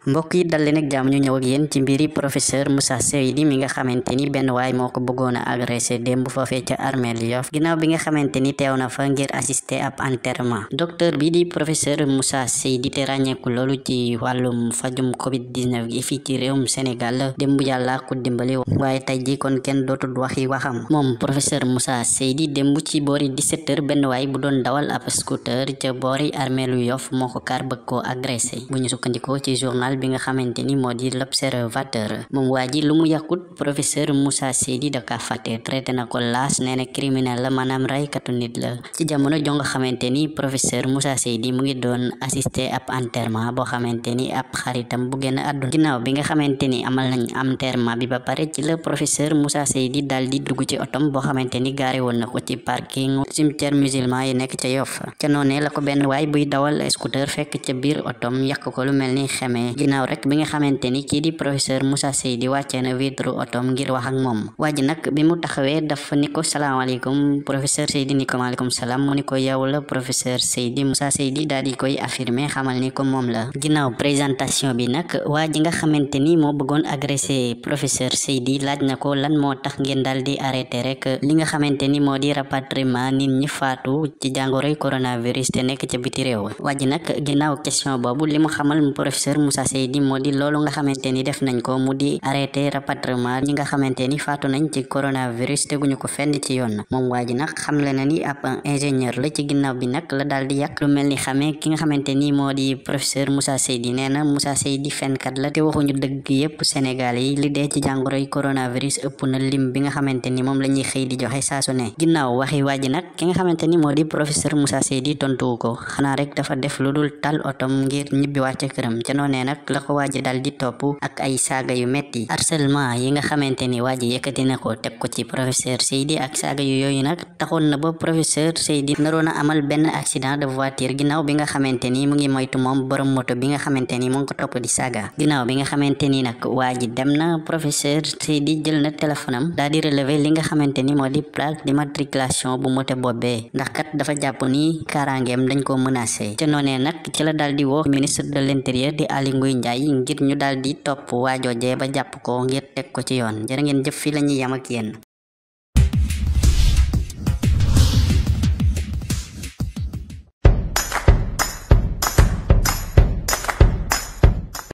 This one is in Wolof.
mbokk yi dal leen ak jàmm ñu ñëw ak yéen ci mbiri professeur Moussa Seydi mi nga xamante ni benn waay moo ko bëggoon a agressé démb foofee ca armeel Yoff ginnaaw bi nga xamante ni teew na fa ngir assister ab enterement docteur bi di professeur Moussa Seydi te ràññeeku loolu ci wàllum fajum covid 19 gi fii ci réewum Sénégal démb yàlla ku dimbali waaye tey ji kon kenn dootul waxi waxam moom professeur Moussa Seydi démb ci boori di heures benn waay bu doon dawal ab scooter ca boori armeelu Yoff moo ko kar bëgg koo agressé bi nga xamante ni moo di l'observateur moom waa ji lu mu yàqut professeur Moussa Seydi da ka fàtte traité na ko laas nee na la maanaam raykatu nit la ci jamono jo xamante ni professeur Moussa Seydi mu ngi doon assister ab enterrement boo xamante ni ab xaritam bu génn àdduna ginnaaw bi nga xamante ni amal nañ enterrement bi ba pare ci la professeur Moussa Seydi daal di dugg ci otom boo xamante ni gaare woon na ko ci parking cimetière musulman yi nekk ca Yoff ca noonee la ko ginnaaw rek bi nga xamante ni kii di professeur Moussa Seydi wàccee na vitre otom ngir wax ak moom waa ji bi mu taxawee dafa ni ko salaamaaleykum professeur Seydi ni ko maaleykum salaam mu ni ko yow la professeur Seydi Moussa Seydi daal koy affirmer xamal ni moom la ginnaaw présentation bi nag waa ji nga xamante ni moo bëggoon agressé professeur Seydi laaj na ko lan moo tax ngeen daal di arrêté rek li nga xamante ni moo di rapatriement nit ñi faatu ci jàngoroy coronavirus te nekk ca biti réew ji nag ginnaaw question Seydi moo di loolu nga xamante ni def nañ ko mu di arrêté rapatriement ñi nga xamante ni faatu nañ ci coronavirus teguñu ko fenn ci yoon moom waa na ni la ci ginnaaw di yàq lu mel ni xamee ki nga xamante moo di professeur Moussa Seydi nee na Moussa Seydi fenkat la te waxuñu dëgg yépp Sénégal yi li dee ci jàngoroy coronavirus ëpp na lim bi nga xamante ni moom la ñuy xëy di joxe saa su ne ginnaaw waxi waa ji nag ki nga xamante ni moo di professeur Moussa Seydi tontuwu ko xanaa rek dafa def lu dul tal otom ngir ñibbi wàcce këram ca noonee nag nag la ko waaji dal di topp ak ay saaga yu metti harcèlement yi nga xamante ni waaji yëkkati na ko teg ko ci professeur Seydi ak saaga yu yooyu nag taxoon na ba professeur Seydi a amal benn accident de voiture bi nga xamante ni mu ngi moytu moom borom moto bi nga xamante ni mu ngi ko topp di saaga ginnaaw bi nga xamante ni nag waaji dem na professeur Seydi jël na téléphone am daal di relever li nga xamante ni moo di plaque d'immatriculation bu moto boobee ndax kat dafa jàpp ni kaaraangeem dañ ko menacé te noonee nag ci la daal di woo ministre de l'intérieur Nguy Ndiaye ngir ñu daal di topp waajoojee ba jàpp ko ngir teg ko ci yoon jërë ngeen jëf fi la ñuy yam ak yéen